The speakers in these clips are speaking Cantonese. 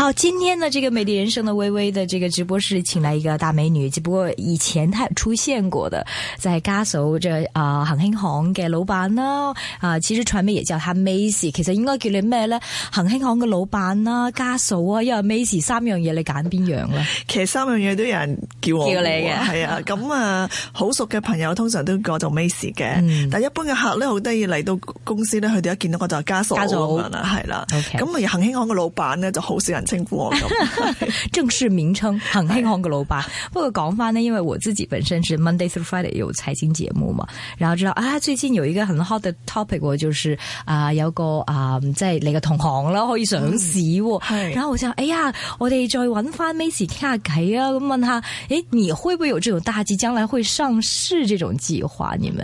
好，今天呢，這個美麗人生的微微的這個直播室請來一個大美女，只不過以前她出現過的，就係家嫂，即係啊恒興行嘅老闆啦，啊，其實傳媒咩嘢就喊 Mais，其實應該叫你咩咧？恒興行嘅老闆啦，家嫂啊，因為 Mais 三樣嘢你揀邊樣咧？其實三樣嘢都有人叫我嘅，係啊，咁啊好熟嘅朋友通常都叫做 Mais 嘅，但一般嘅客咧好得意嚟，到公司咧，佢哋一見到我就家嫂，家嫂，係啦，咁啊恒興行嘅老闆咧就好少人。辛苦， 正式名稱恒興行嘅老闆。 不過講翻呢，因為我自己本身是 Monday 至 Friday 有財經節目嘛，然後知道啊，最近有一個很 hot 的 topic，就是啊、呃、有個啊即係你嘅同行啦，可以上市，係、嗯。然後我想，哎呀，我哋再去揾翻 Macy 傾下偈啊，咁問下，誒、欸，你會唔會有這種大計，將來會上市這種計劃？你們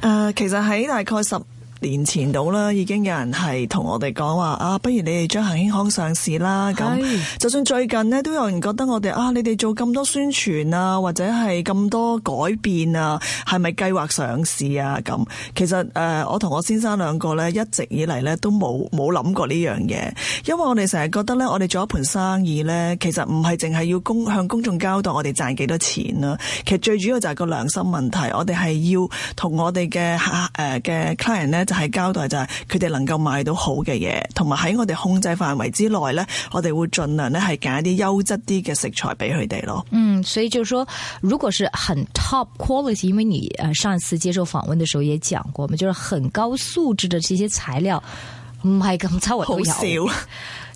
誒、呃，其實喺大概十。年前到啦，已經有人係同我哋講話啊，不如你哋將恒興行康上市啦咁。是就算最近咧，都有人覺得我哋啊，你哋做咁多宣傳啊，或者係咁多改變啊，係咪計劃上市啊？咁其實誒、呃，我同我先生兩個呢，一直以嚟呢都冇冇諗過呢樣嘢，因為我哋成日覺得呢，我哋做一盤生意呢，其實唔係淨係要公向公眾交代我哋賺幾多錢啦、啊。其實最主要就係個良心問題，我哋係要同我哋嘅客誒嘅 client 咧。呃就係交代就係佢哋能夠買到好嘅嘢，同埋喺我哋控制範圍之內呢，我哋會盡量呢係揀啲優質啲嘅食材俾佢哋咯。嗯，所以就係話，如果是很 top quality，因為你上一次接受訪問嘅時候也講過嘛，就係很高素質嘅。這些材料唔係咁差，我都有。好少。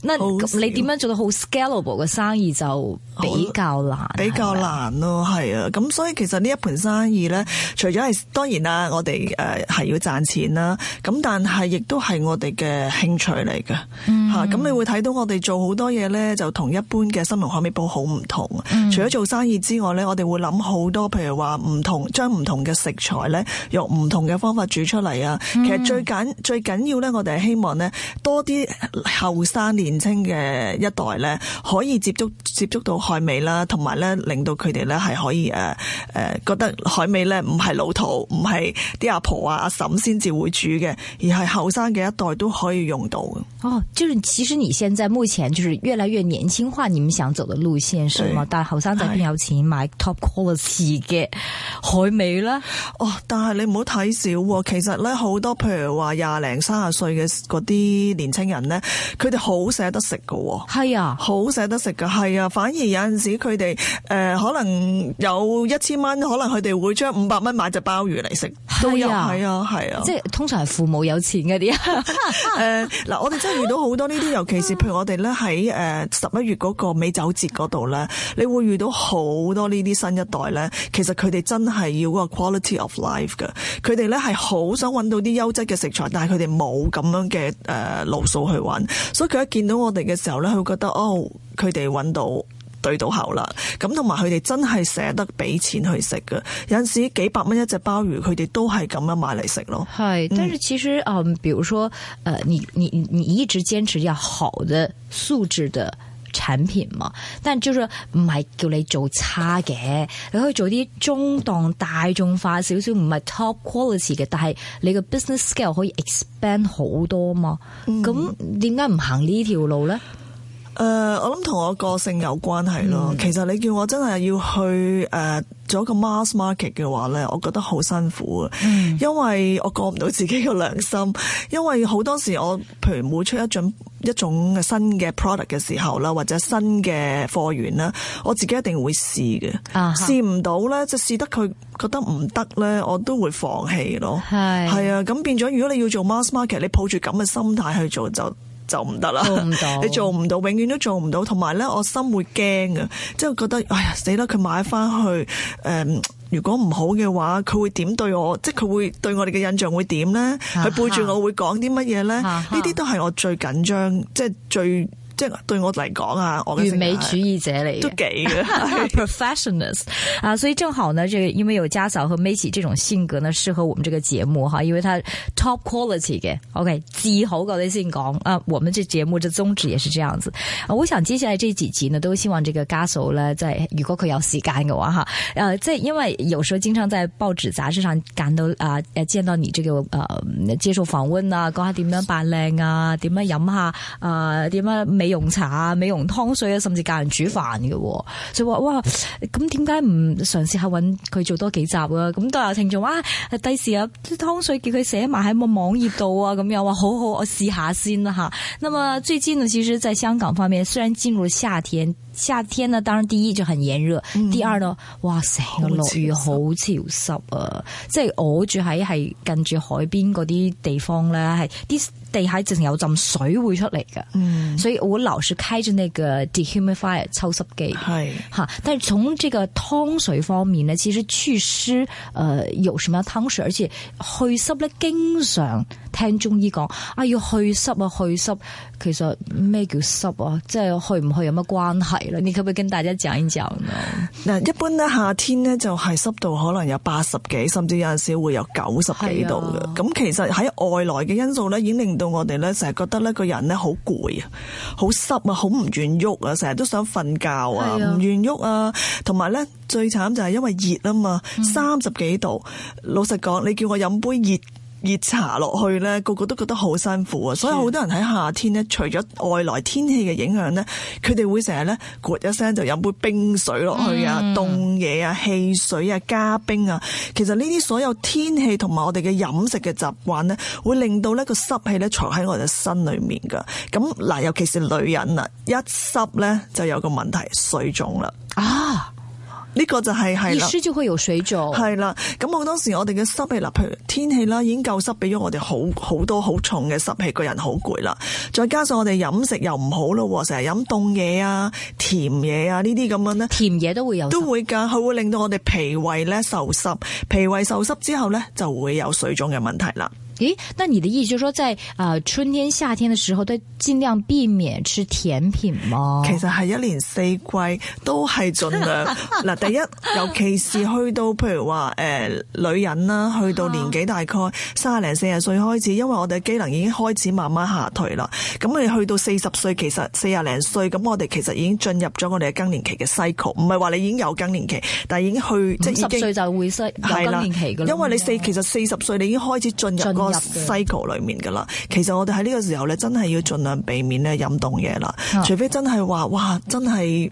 你點樣做到好 scalable 嘅生意就比較難好嗎比較難咯，係啊！咁、啊、所以其實呢一盤生意咧，除咗係當然啦，我哋誒係要賺錢啦，咁但係亦都係我哋嘅興趣嚟嘅吓，咁、嗯啊、你會睇到我哋做好多嘢咧，就同一般嘅新聞海味鋪好唔同。嗯、除咗做生意之外咧，我哋會諗好多，譬如話唔同將唔同嘅食材咧，用唔同嘅方法煮出嚟啊。嗯、其實最緊最緊要咧，我哋係希望咧多啲後生年。年青嘅一代咧，可以接觸接觸到海味啦，同埋咧令到佢哋咧係可以誒誒、呃呃、覺得海味咧唔係老土，唔係啲阿婆啊阿嬸先至會煮嘅，而係後生嘅一代都可以用到嘅。哦，即係，其實你現在目前就是越來越年輕化，你們想走嘅路綫是，是嘛對？但後生仔邊有錢買 top quality 嘅海味啦哦，但係你唔好睇少、哦、其實咧好多譬如話廿零三十歲嘅嗰啲年青人咧，佢哋好捨得食噶，係啊，好捨得食噶，係啊。反而有陣時佢哋誒，可能有一千蚊，可能佢哋會將五百蚊買隻鮑魚嚟食都有，係啊，係啊，啊即係通常係父母有錢啲啊，誒，嗱，我哋真係遇到好多呢啲，尤其是譬如我哋咧喺誒十一月個美酒節度咧，你會遇到好多呢啲新一代咧，其實佢哋真係要個 quality of life 嘅，佢哋咧係好想揾到啲優質嘅食材，但係佢哋冇咁樣嘅誒路數去揾，所以佢一見到。到我哋嘅時候咧，佢會覺得哦，佢哋揾到對到口啦。咁同埋佢哋真係捨得俾錢去食㗎。有陣時幾百蚊一隻鮑魚，佢哋都係咁樣買嚟食咯。係，但係其實嗯，比如說誒，你你你一直堅持要好的素質的。產品嘛，但係 JoJo 唔係叫你做差嘅，你可以做啲中檔大眾化少少，唔係 top quality 嘅，但係你嘅 business scale 可以 expand 好多嘛。咁點解唔行呢條路咧？誒，uh, 我諗同我個性有關係咯。嗯、其實你叫我真係要去誒、uh, 做一個 mass market 嘅話咧，我覺得好辛苦啊。嗯、因為我過唔到自己嘅良心，因為好多時我譬如每出一種一種新嘅 product 嘅時候啦，或者新嘅貨源啦，我自己一定會試嘅。試唔、uh huh. 到咧，就試得佢覺得唔得咧，我都會放棄咯。係係、uh huh. 啊，咁變咗如果你要做 mass market，你抱住咁嘅心態去做就。就唔得啦，做唔到， 你做唔到，永遠都做唔到。同埋咧，我心會驚嘅，即、就、係、是、覺得，哎呀，死啦！佢買翻去，誒、呃，如果唔好嘅話，佢會點對我？即係佢會對我哋嘅印象會點咧？佢、啊、哈背住我會講啲乜嘢咧？呢啲、啊、哈都係我最緊張，即、就、係、是、最即係、就是、對我嚟講啊！完美主義者嚟嘅，都幾嘅 professional 啊！所以正好呢，就因為有家嫂和梅西呢種性格呢，適合我們呢個節目哈，因為佢 top quality 嘅，OK。治好嗰啲先講啊，我們這節目嘅宗旨也是這樣子。我想接下來這幾集呢，都希望這個家嫂咧，即係，如果佢有時間嘅話，吓，誒，即係因為有時候經常在報紙、雜誌上見到啊，見到你這個誒、呃、接受訪問啊，講下點樣扮靚啊，點樣飲下啊，點、呃、樣美容茶啊、美容湯水啊，甚至教人煮飯嘅、喔，所以話哇，咁點解唔嘗試下搵佢做多幾集啊？」咁都有聽眾啊，第時啊湯水叫佢寫埋喺個網頁度啊，咁樣話好好，我試下先啦。吓，那麼最近呢，其實，在香港方面，雖然進入夏天，夏天呢，當然第一就很炎熱，嗯、第二呢，哇，成個落雨好潮濕啊。濕即係我住喺係近住海邊嗰啲地方咧，係啲。地下淨有浸水會出嚟嘅，嗯、所以我老是開住那個 dehumidifier 抽濕機，係吓是。但係從這個湯水方面呢，其實祛濕，誒、呃，有什麼湯水，而且祛濕咧，經常聽中醫講，啊，要祛濕啊，祛濕。其實咩叫濕啊？即係去唔去有乜關係咧，啊？你可唔可以跟大家講一講啊？嗱，一般咧夏天咧就係濕度可能有八十幾，甚至有陣時會有九十幾度嘅。咁，啊、其實喺外來嘅因素咧，已經令到我哋咧成日覺得咧個人咧好攰啊，好濕啊，好唔願喐啊，成日都想瞓覺啊，唔願喐啊。同埋咧最慘就係因為熱啊嘛，三十幾度，老實講，你叫我飲杯熱。熱茶落去咧，個個都覺得好辛苦啊！所以好多人喺夏天咧，除咗外來天氣嘅影響咧，佢哋會成日咧咕一聲就飲杯冰水落去啊，凍嘢啊，汽水啊，加冰啊。其實呢啲所有天氣同埋我哋嘅飲食嘅習慣咧，會令到呢個濕氣咧藏喺我哋身裏面噶。咁嗱，尤其是女人啊，一濕咧就有個問題水腫啦啊！呢個就係係啦，濕就會有水腫。係啦，咁好多時我哋嘅濕氣啦，譬如天氣啦，已經夠濕，俾咗我哋好好多好重嘅濕氣，個人好攰啦。再加上我哋飲食又唔好咯，成日飲凍嘢啊、甜嘢啊呢啲咁樣咧，甜嘢都會有，都會噶，佢會令到我哋脾胃咧受濕，脾胃受濕之後咧就會有水腫嘅問題啦。咦，那你的意思就說，在啊春天、夏天嘅時候，都盡量避免吃甜品嗎？其實係一年四季都係盡量嗱。 第一，尤其是去到譬如話誒、呃、女人啦，去到年紀大概三十零四十歲開始，因為我哋嘅機能已經開始慢慢下退啦。咁你去到四十歲，其實四十零歲，咁我哋其實已經進入咗我哋嘅更年期嘅 cycle，唔係話你已經有更年期，但係已經去五十即係十歲就會出係啦更年期了因為你四其實四十歲，你已經開始進入 c y 裏面噶啦，其實我哋喺呢個時候咧，真係要盡量避免咧飲凍嘢啦，除非真係話哇，真係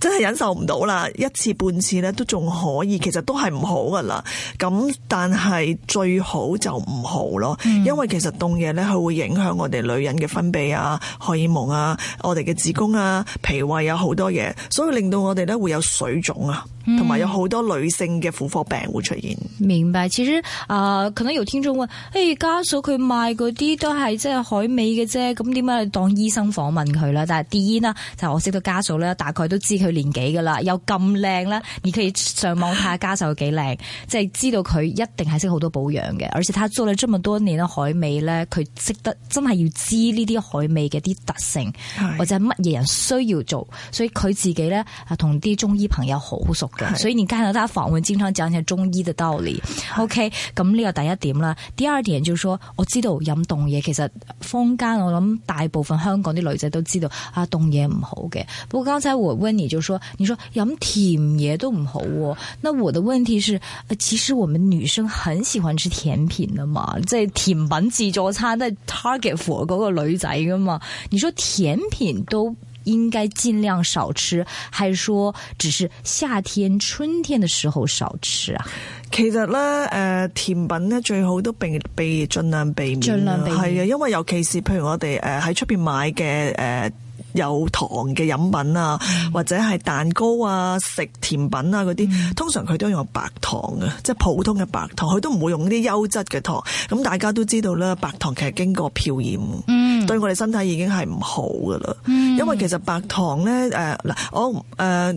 真係忍受唔到啦，一次半次咧都仲可以，其實都係唔好噶啦。咁但係最好就唔好咯，因為其實凍嘢咧，佢會影響我哋女人嘅分泌啊、荷爾蒙啊、我哋嘅子宮啊、脾胃啊，好多嘢，所以令到我哋咧會有水腫啊。同埋有好多女性嘅婦科病會出現、嗯。明白，其實啊、呃，可能有聽眾問：，誒、欸、家嫂佢賣嗰啲都係即係海味嘅啫，咁點解當醫生訪問佢咧？但係第一呢，就是、我識到家嫂咧，大概都知佢年紀噶啦，又咁靚咧，而佢上網睇下家嫂幾靚，即係 知道佢一定係識好多保養嘅，而且他做咗咁多年啦海味咧，佢識得真係要知呢啲海味嘅啲特性，是或者係乜嘢人需要做，所以佢自己咧啊同啲中醫朋友好熟。是所以你見到他訪問，經常講起中醫的道理。是 OK，咁呢個第一點啦。第二點就係說，我知道飲凍嘢其實坊間我諗大部分香港啲女仔都知道啊，凍嘢唔好嘅。不過剛才我 Winnie 就說，你說飲甜嘢都唔好喎。那我的問題是，其實我們女生很喜歡吃甜品噶嘛，即係甜品自助餐，即係 Target for 嗰個女仔噶嘛。你說甜品都。應該盡量少吃，還是說只是夏天、春天的時候少吃啊？其實咧，誒、呃，甜品咧最好都避避免，盡量避免。盡量避免係啊，因為尤其是譬如我哋誒喺出邊買嘅誒。呃有糖嘅飲品啊，或者係蛋糕啊、食甜品啊嗰啲，嗯、通常佢都用白糖嘅，即係普通嘅白糖，佢都唔會用啲優質嘅糖。咁大家都知道啦，白糖其實經過漂染，嗯、對我哋身體已經係唔好噶啦。嗯、因為其實白糖咧，誒、呃、嗱，我誒。呃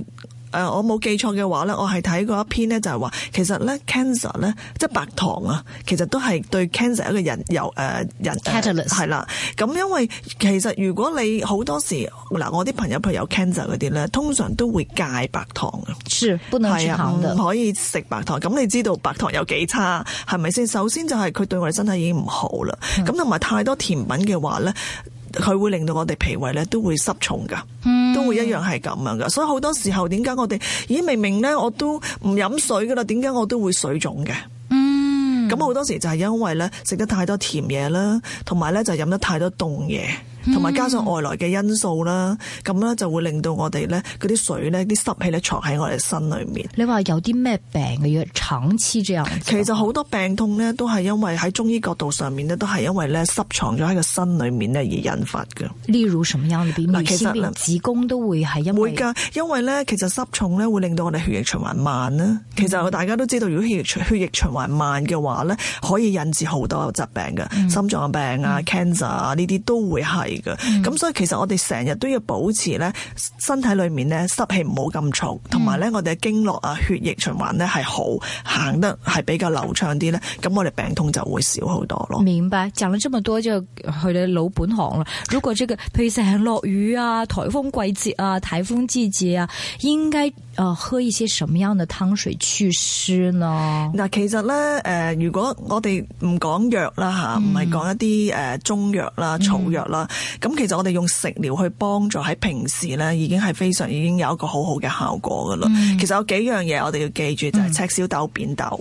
誒、呃，我冇記錯嘅話咧，我係睇過一篇咧，就係話其實咧，cancer 咧，即係白糖啊，其實都係對 cancer 一個引誘，誒引誘係啦。咁因為其實如果你好多時嗱，我啲朋友譬如有 cancer 嗰啲咧，通常都會戒白糖嘅，係啊，唔可以食白糖。咁你知道白糖有幾差係咪先？首先就係佢對我哋身體已經唔好啦。咁同埋太多甜品嘅話咧。佢會令到我哋脾胃咧都會濕重噶，mm. 都會一樣係咁樣噶。所以好多時候點解我哋，咦，明明咧我都唔飲水噶啦，點解我都會水腫嘅？嗯，咁好多時就係因為咧食得太多甜嘢啦，同埋咧就飲得太多凍嘢。同埋加上外來嘅因素啦，咁咧、mm hmm. 就會令到我哋咧嗰啲水咧啲濕氣咧藏喺我哋身裏面。你話有啲咩病嘅要長期這樣？其實好多病痛咧都係因為喺中醫角度上面咧都係因為咧濕藏咗喺個身裏面咧而引發嘅。例如什麼樣？你變咩？其實子宮都會係因為會㗎，因為咧其實濕重咧會令到我哋血液循環慢啦。Mm hmm. 其實大家都知道，如果血血液循環慢嘅話咧，可以引致好多疾病嘅，mm hmm. 心臟病啊、mm hmm. cancer 啊呢啲都會係。嘅，咁、嗯、所以其實我哋成日都要保持咧，身體裏面咧濕氣唔好咁重，同埋咧我哋嘅經絡啊、血液循環咧係好行得係比較流暢啲咧，咁我哋病痛就會少好多咯。明白，講咗咁多就去你老本行啦。如果即、這個譬如成日落雨啊、台風季節啊、台風季節啊，應該。哦，喝一些什麼樣的湯水祛濕呢？嗱，其實咧，誒，如果我哋唔講藥啦吓，唔係講一啲誒中藥啦、草藥啦，咁其實我哋用食療去幫助喺平時咧，已經係非常已經有一個好好嘅效果噶啦。其實有幾樣嘢我哋要記住就係赤小豆、扁豆、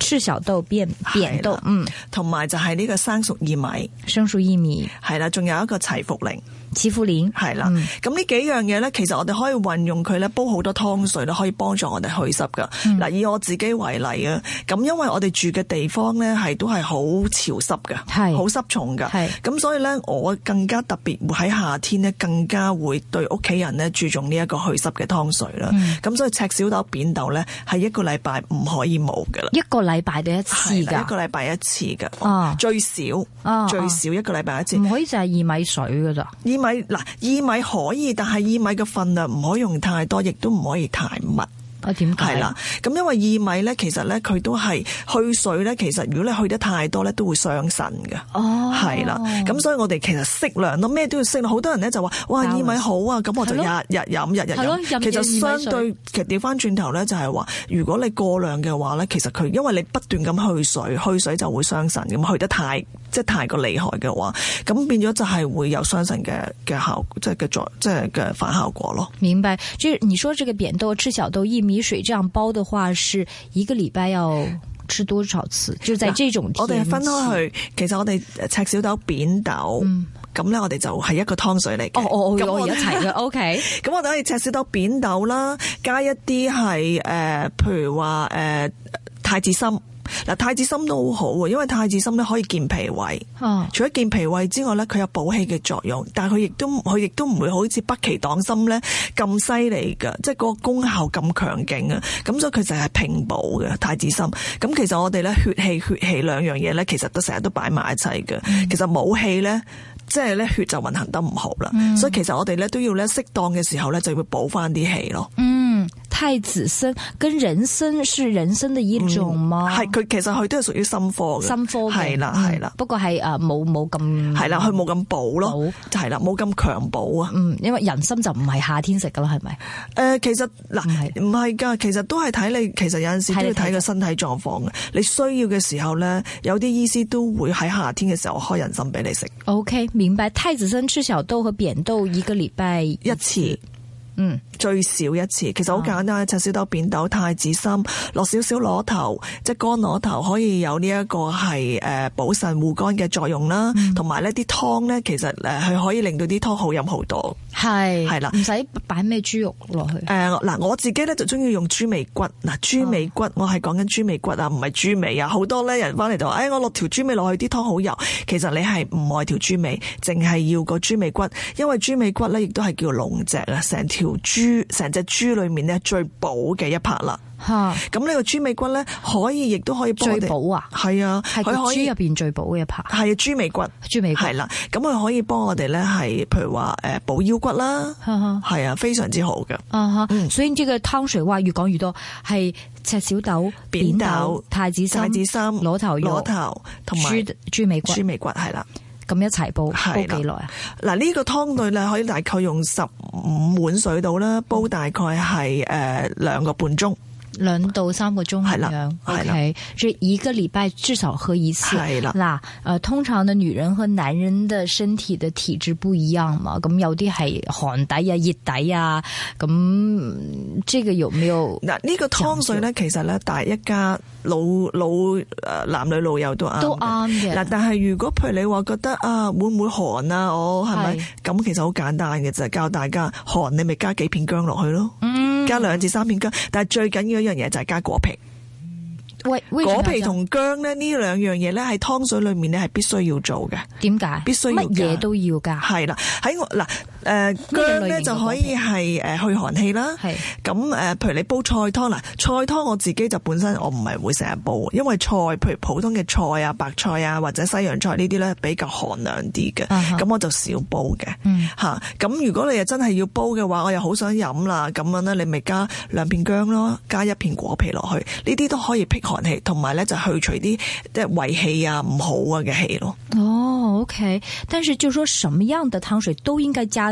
赤小豆、扁扁豆，嗯，同埋就係呢個生熟薏米、生熟薏米，係啦，仲有一個齊茯苓。赤腐蓮，係啦，咁呢幾樣嘢咧，其實我哋可以運用佢咧，煲好多湯水咧，可以幫助我哋去濕噶。嗱、嗯，以我自己為例啊，咁因為我哋住嘅地方咧，係都係好潮濕噶，好是濕重噶，係咁是，所以咧我更加特別會喺夏天咧，更加會對屋企人咧注重呢一個去濕嘅湯水啦。咁、嗯、所以赤小豆扁豆咧，係一個禮拜唔可以冇噶啦。一個禮拜第一次㗎，一個禮拜一次㗎，最少，最少一個禮拜一次，唔、啊啊、可以就係薏米水㗎咋？米嗱薏米可以，但係薏米嘅份量唔可以用太多，亦都唔可以太密。啊，點解？係啦，咁因為薏米咧，其實咧佢都係去水咧。其實如果你去得太多咧，都會傷腎嘅。哦，係啦，咁所以我哋其實適量咯，咩都要適量。好多人咧就話，哇，薏米好啊！咁的我就日日飲，的日日飲。其實相對，其實調翻轉頭咧，就係話，如果你過量嘅話咧，其實佢因為你不斷咁去水，去水就會傷腎，咁去得太。即係太過厲害嘅話，咁變咗就係會有傷神嘅嘅效果，即係嘅作，即係嘅反效果咯。明白，即、就、係、是、你說這個扁豆、赤小豆、薏米水這樣煲的話，是一個禮拜要吃多少次？就在這種、嗯、我哋分開去，其實我哋、呃、赤小豆、扁豆，咁咧、嗯、我哋就係一個湯水嚟嘅、哦。哦咁、哦、我一齊嘅。O K，咁我哋可以赤小豆、扁豆啦，加一啲係誒，譬如話誒太子參。嗯嗱，太子參都好好，因為太子參咧可以健脾胃，啊、除咗健脾胃之外咧，佢有補氣嘅作用，但係佢亦都佢亦都唔會好似北芪黨參咧咁犀利嘅，即係個功效咁強勁啊，咁所以佢就係平補嘅太子參。咁其實我哋咧血氣、血氣兩樣嘢咧，其實都成日都擺埋一齊嘅。嗯、其實冇氣咧，即係咧血就運行得唔好啦，嗯、所以其實我哋咧都要咧適當嘅時候咧，就會補翻啲氣咯。太子參跟人參是人參嘅一種嗎？係佢、嗯、其實佢都係屬於心科嘅，心科嘅，係啦係啦。不過係誒冇冇咁係啦，佢冇咁補咯，係啦冇咁強補啊。嗯，因為人參就唔係夏天食噶咯，係咪？誒、呃，其實嗱，唔係噶，其實都係睇你，其實有陣時都要睇個身體狀況嘅。你需要嘅時候咧，有啲醫師都會喺夏天嘅時候開人參俾你食。OK，明白。太子參、赤小豆和扁豆一個禮拜一次。最少一次，其實好簡單，赤小豆、哦、扁豆、太子參，落少少螺頭，即乾螺頭，可以有呢一個係誒補腎護肝嘅作用啦，同埋呢啲湯呢，其實誒係可以令到啲湯好飲好多。係係啦，唔使擺咩豬肉落去。誒、呃，嗱，我自己咧就中意用豬尾骨。嗱，豬尾骨，我係講緊豬尾骨啊，唔係豬尾啊。好多咧人翻嚟就話，誒，我落條豬尾落去，啲湯好油。其實你係唔愛條豬尾，淨係要個豬尾骨，因為豬尾骨咧亦都係叫龍脊啦，成條豬成隻豬裏面咧最補嘅一 part 啦。吓，咁呢個豬尾骨咧，可以亦都可以幫我哋，最補啊，係啊，佢可以入邊最補嘅一排，係啊，豬尾骨，豬尾骨係啦，咁佢可以幫我哋咧，係譬如話誒，補腰骨啦，係啊，非常之好嘅。啊哈，所以呢個湯水話越講越多，係赤小豆、扁豆、太子、太子參、螺頭、螺頭同埋豬豬尾骨、豬尾骨係啦，咁一齊煲煲幾耐啊？嗱，呢個湯類咧，可以大概用十五碗水度啦，煲大概係誒兩個半鐘。兩到三個鐘係啦，OK，即了一個禮拜至少喝一次係啦。嗱了，誒、呃，通常的女人和男人嘅身體嘅體質不一樣嘛，咁有啲係寒底啊，熱底啊，咁、嗯、這個有沒有嗱、啊？這個、湯呢個湯水咧，解其實咧，大一家老老誒男女老幼都啱，都啱嘅。嗱、啊，但係如果譬如你話覺得啊，會唔會寒啊？我係咪咁？是其實好簡單嘅就啫，教大家寒你咪加幾片姜落去咯。嗯加兩至三片姜，但係最緊要一樣嘢就係加果皮。喂，喂果皮同姜咧呢兩樣嘢咧，喺湯水裏面咧係必須要做嘅。點解？必須乜嘢都要㗎？係啦，喺我嗱。誒薑咧就可以係誒去寒氣啦。係咁誒，譬如你煲菜湯喇，菜湯我自己就本身我唔係會成日煲，因為菜譬如普通嘅菜啊、白菜啊或者西洋菜呢啲咧比較寒涼啲嘅，咁、啊、哈我就少煲嘅。嗯，咁、啊、如果你係真係要煲嘅話，我又好想飲啦，咁樣咧你咪加兩片薑咯，加一片果皮落去，呢啲都可以辟寒氣，同埋咧就去除啲即係胃氣啊唔好啊嘅氣咯。哦，OK，但是就是說什麼樣嘅湯水都應該加。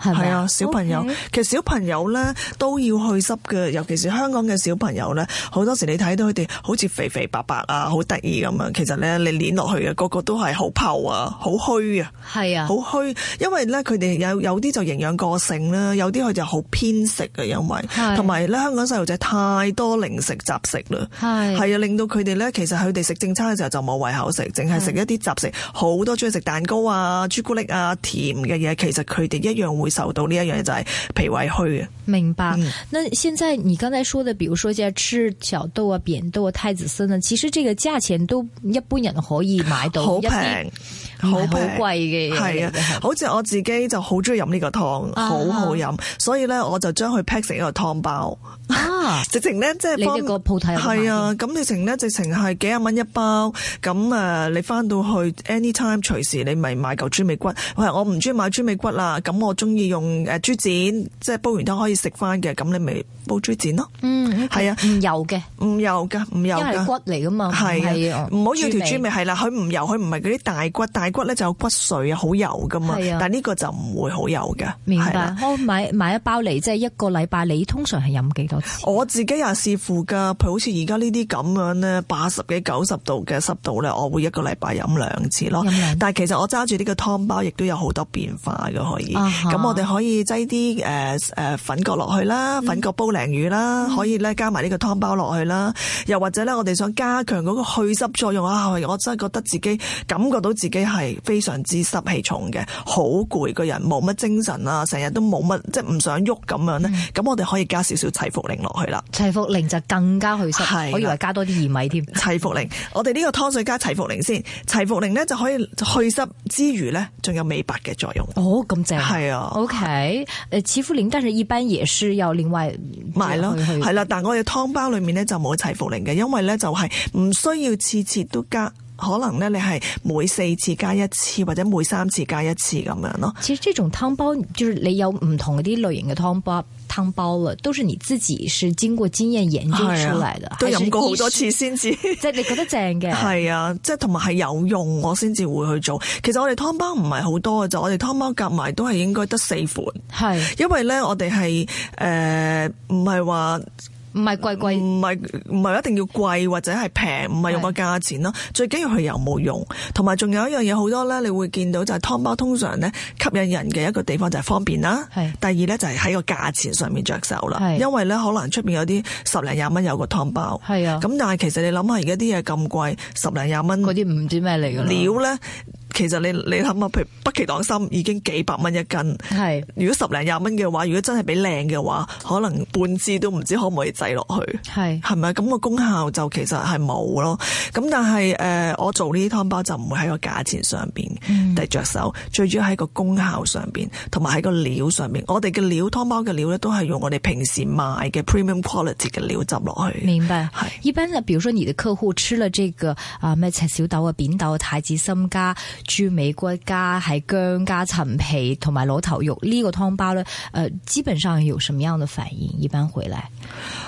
係啊，小朋友，Okay. 其實小朋友咧都要去濕嘅，尤其是香港嘅小朋友咧，好多時你睇到佢哋好似肥肥白白啊，好得意咁樣，其實咧你捏落去啊個個都係好泡虛啊，好虛啊，係啊，好虛，因為咧佢哋有有啲就營養過剩啦，有啲佢就好偏食啊。因為同埋咧香港細路仔太多零食雜食啦，係是啊，令到佢哋咧其實佢哋食正餐嘅時候就冇胃口食，淨係食一啲雜食，是好多中意食蛋糕啊、朱古力啊、甜嘅嘢，其實佢哋一樣會。受到呢一樣嘢就係脾胃虛嘅。明白，嗯、那現在你剛才說的，比如說赤小豆啊、扁豆啊、太子參呢，其實這個價錢都一般人可以買到，邊好平，唔係好貴嘅。係啊，好似我自己就的好中意飲呢個湯，好好飲，所以呢，我就將佢 pack 成一個湯包。啊！直情咧，即係你喺個鋪睇係啊！咁直情咧，直情係幾十蚊一包。咁啊、呃，你翻到去 anytime 隨時，你咪買嚿豬尾骨。喂、哎，我唔中意買豬尾骨啦。咁我中意用誒豬腱，即係煲完湯可以食翻嘅。咁你咪煲豬腱咯。嗯，係啊，唔油嘅，唔油嘅，唔油嘅。骨嚟噶嘛？係啊，唔好要條豬尾。係啦、啊，佢唔油，佢唔係嗰啲大骨。大骨咧就有骨髓啊，好油噶嘛。係但呢個就唔會好油嘅。啊、明白。我、啊、買買一包嚟，即、就、係、是、一個禮拜。你通常係飲幾多？我自己也是乎噶，佢好似而家呢啲咁樣咧，八十幾、九十度嘅濕度咧，我會一個禮拜飲兩次咯。兩但係其實我揸住呢個湯包，亦都有好多變化嘅，可以。咁、啊、哈我哋可以擠啲誒誒粉葛落去啦，嗯、粉葛煲鯪魚啦，可以咧加埋呢個湯包落去啦。又或者咧，我哋想加強嗰個去濕作用啊，我真係覺得自己感覺到自己係非常之濕氣重嘅，好攰，個人冇乜精神啊，成日都冇乜即係唔想喐，咁樣咧。咁、嗯、我哋可以加少少齊伏。零落去啦，齊茯苓就更加去濕，的我以為加多啲薏米添。齊茯苓， 我哋呢個湯水加齊茯苓先，齊茯苓咧就可以去濕之餘咧，仲有美白嘅作用。哦，咁正係啊。的 OK，誒，齊茯苓，但係一般也是要另外買咯，係啦的。但係我哋湯包裏面咧就冇齊茯苓嘅，因為咧就係唔需要次次都加。可能咧，你係每四次加一次，或者每三次加一次咁樣咯。其實，呢種湯包就係你有唔同啲類型嘅湯包湯包啦，都是你自己是經過經驗研究出嚟嘅，啊、是都飲過好多次先至時，即係你覺得正嘅。係啊，即係同埋係有用，我先至會去做。其實我哋湯包唔係好多嘅，就我哋湯包夾埋都係應該得四款。係是，因為咧，我哋係誒唔係話。呃唔係貴貴，唔係唔係一定要貴或者係平，唔係用個價錢咯。是的 最緊要佢有冇用，同埋仲有一樣嘢好多咧，你會見到就係、是、湯包通常咧吸引人嘅一個地方就係方便啦。係，是的 第二咧就係喺個價錢上面着手啦。是的 因為咧可能出面有啲十零廿蚊有個湯包，係啊。咁但係其實你諗下而家啲嘢咁貴，十零廿蚊，嗰啲唔知咩嚟嘅料咧。其實你你諗下，譬如北芪黨參已經幾百蚊一斤，係是如果十零廿蚊嘅話，如果真係畀靚嘅話，可能半支都唔知可唔可以制落去，係，係咪咁個功效就其實係冇咯。咁但係誒、呃，我做呢啲湯包就唔會喺個價錢上邊嚟着手，最主要喺個功效上邊，同埋喺個料上邊。我哋嘅料湯包嘅料咧，都係用我哋平時賣嘅、嗯、premium quality 嘅料執落去。明白係。是一般嘅，比如說你的客戶吃了這個啊，咩赤小豆啊、扁豆太子參加。豬尾骨加係薑加陳皮同埋螺頭肉、這個、呢個湯包咧，誒、呃，基本上有什麼樣的反應？一般回來？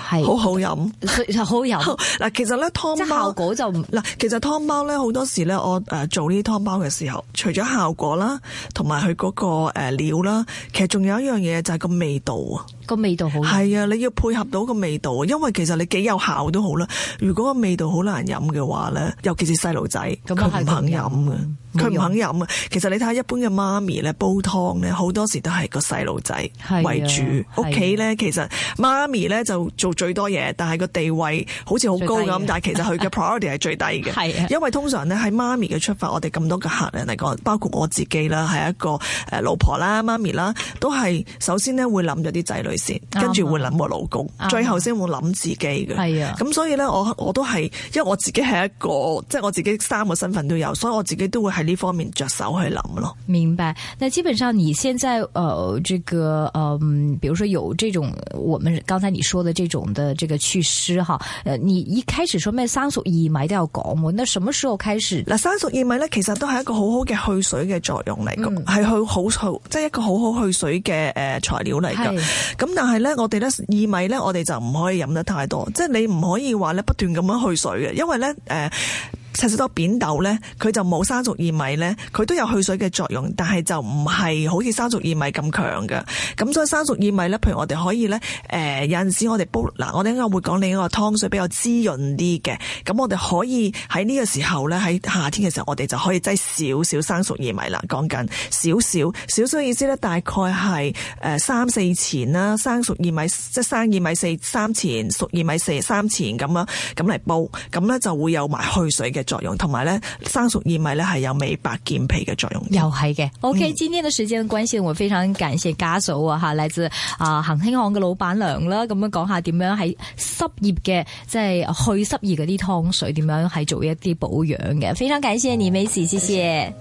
係好好飲，其實好飲嗱。其實咧湯包效果就唔嗱。其實湯包咧好多時咧，我誒做呢啲湯包嘅時候，除咗效果啦，同埋佢嗰個誒料啦，其實仲有一樣嘢就係個味道啊。個味道好。係啊，你要配合到個味道，因為其實你幾有效都好啦。如果個味道好難飲嘅話咧，尤其是細路仔，佢唔肯飲嘅，佢唔肯飲啊。其實你睇下一般嘅媽咪咧煲湯咧，好多時都係個細路仔為主，屋企咧其實媽咪咧就。做最多嘢，但係個地位好似好高咁，高，但係其實佢嘅 priority 係 最低嘅，因為通常咧喺媽咪嘅出發，我哋咁多嘅客人嚟講，包括我自己啦，係一個誒老婆啦、媽咪啦，都係首先咧會諗咗啲仔女先，跟住會諗我老公，啊、最後先會諗自己嘅。係啊、嗯，咁所以咧我我都係，因為我自己係一個即係、就是、我自己三個身份都有，所以我自己都會喺呢方面着手去諗咯。明白。那基本上你現在誒、呃，這個誒、呃，比如說有這種，我們剛才你說。說的這種的這個祛濕哈，誒、啊，你一開始說咩生熟薏米都有講喎？那什麼時候開始？嗱，生熟薏米咧，其實都係一個好好嘅去水嘅作用嚟㗎，係去好好，即係一個好好去水嘅誒材料嚟㗎。咁是但係咧，我哋咧薏米咧，我哋就唔可以飲得太多，即、就、係、是、你唔可以話咧不斷咁樣去水嘅，因為咧誒。呃細細多扁豆咧，佢就冇生熟薏米咧，佢都有去水嘅作用，但係就唔係好似生熟薏米咁強嘅。咁所以生熟薏米咧，譬如我哋可以咧，誒、呃、有陣時我哋煲嗱、呃，我哋應該會講你嗰個湯水比較滋潤啲嘅。咁我哋可以喺呢個時候咧，喺夏天嘅時候，我哋就可以擠少少生熟薏米啦。講緊少少少少意思咧，大概係誒、呃、三四錢啦，生熟薏米即生薏米四三錢，熟薏米四三錢咁樣咁嚟煲，咁咧就會有埋去水嘅。作用，同埋咧，生熟薏米咧係有美白健脾嘅作用。又係嘅。OK，今天嘅時間關係，嗯、我非常感謝家嫂啊，吓嚟自，啊恒興行嘅老闆娘啦，咁樣講下點樣喺濕熱嘅即係去濕熱嗰啲湯水，點樣係做一啲保養嘅。非常感謝你，Maisie，謝謝。